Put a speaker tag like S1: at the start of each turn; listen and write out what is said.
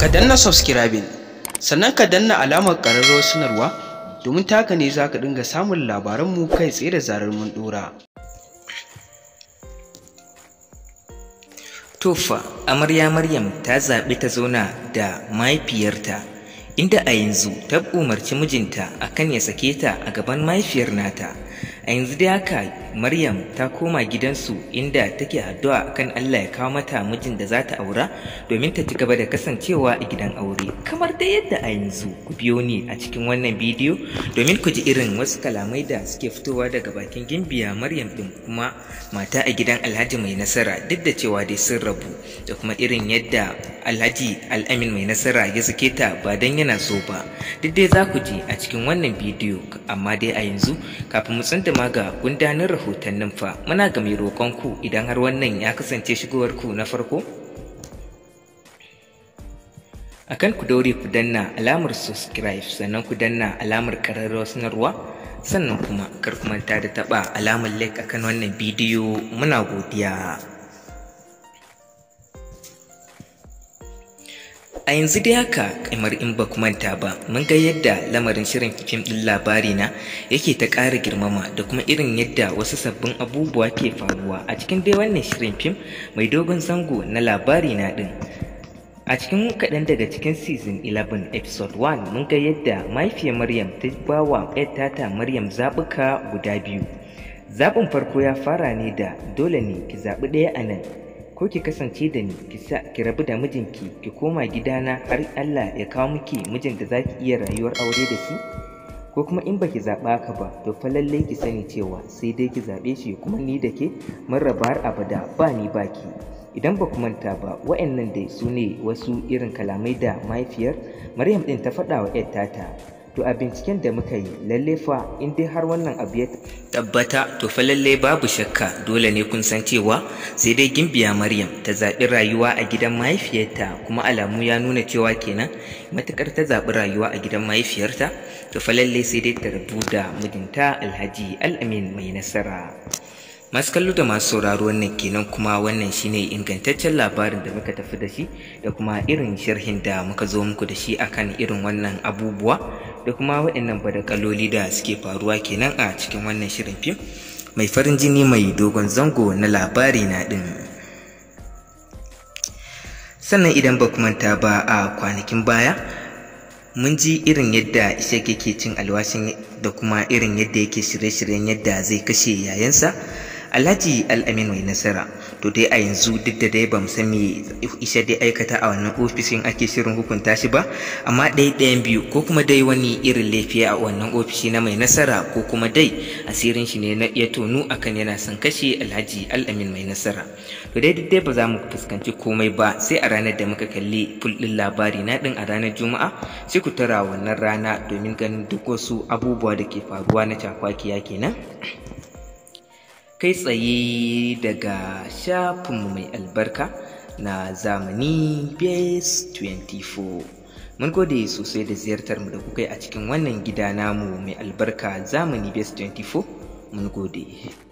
S1: ka danna subscribing sannan ka danna alamar ƙararrawar sanarwa domin taka ne za ka dinga samun labaranmu kai tsaye da zarar mun dora. Tofa, amarya Maryam ta zaɓi ta zauna da mahaifiyarta inda a yanzu ta umarci mijinta akan ya sake ta a gaban mahaifiyar nata a yanzu dai haka Maryam ta koma gidansu inda take addu'a kan Allah ya kawo mata mijin da za ta aura domin ta ci gaba da kasancewa a gidan aure kamar da yadda a yanzu ku biyo ni a cikin wannan bidiyo domin ku ji irin wasu kalamai da suke fitowa daga bakin gimbiya Maryam din kuma mata a gidan Alhaji mai nasara duk da cewa dai sun rabu da kuma irin yadda Alhaji Al'amin mai nasara ya zuke ta ba dan yana so ba duk dai za ku ji a cikin wannan bidiyo amma dai a yanzu kafin mu ma ga gundanar nan fa muna ga mai ku idan har wannan ya kasance shigowar ku na farko Akan ku daure ku danna alamar subscribe sannan ku danna alamar ƙararrawar sanarwa sannan kuma kar ku manta da taɓa alamar like akan wannan bidiyo muna godiya A yanzu dai haka kamar in ba manta ba mun ga yadda lamarin shirin fim din labari na yake ta ƙara girmama da kuma irin yadda wasu sabbin abubuwa ke faruwa a cikin dai wannan shirin fim mai dogon zango na labari na din. A cikin kaɗan daga cikin season 11 episode 1 mun ga yadda mahaifiyar Maryam ta ba wa tata Maryam zaɓuka guda biyu. Zaɓin farko ya fara ne da dole ne ki zaɓi ɗaya a nan ko ki kasance da ni ki sa ki rabu da mijinki ki koma gidana har Allah ya kawo miki mijin da zaki iya rayuwar aure da shi ko kuma in baki zaɓa ka ba to fa lalle ki sani cewa sai dai ki zaɓe shi kuma ni da ke mun raba har abada ba ni baki idan ba ku manta ba wa'annan dai su ne wasu irin kalamai da mahaifiyar maryam ɗin ta faɗa wa 'yar tata to a binciken da muka yi lalle fa in dai har wannan abu ya tabbata to fa lalle babu shakka dole ne kun san cewa sai dai gimbiya maryam ta zaɓi rayuwa a gidan mahaifiyarta kuma alamu ya nuna cewa kenan matukar ta zaɓi rayuwa a gidan mahaifiyarta to fa lalle sai dai ta rabu da mijinta alhaji al'amin mai nasara masu kallo da masu sauraro wannan kenan kuma wannan shine ingantaccen labarin da muka tafi da shi da kuma irin sharhin da muka zo muku da shi akan irin wannan abubuwa da kuma waɗannan badakaloli da suke faruwa kenan a cikin wannan shirin fim mai farin jini mai dogon zango na labari na ɗin sannan idan ba manta ba a kwanakin baya mun ji irin yadda ishak yake cin alwashin da kuma irin yadda yake shirye-shiryen yadda zai kashe yayansa alhaji al'amin mai nasara to dai a yanzu duk da dai bamu san me isa dai aikata a wannan ofishin ake shirin hukunta shi ba amma dai ɗayan biyu ko kuma dai wani irin laifi a wannan ofishi na mai nasara ko kuma dai asirin shi ne na iya tonu akan yana son kashe alhaji al'amin mai nasara to dai duk dai ba za mu fuskanci komai ba sai a ranar da muka kalli fulɗin labari na ɗin a ranar juma'a sai ku tara wannan rana domin ganin duk wasu abubuwa da ke faruwa na cakwakiya kenan kai tsaye daga shafinmu mai albarka na zamani base 24 mun gode sosai da ziyartar mu da kuka yi a cikin wannan gida namu mai albarka zamani base 24 mun gode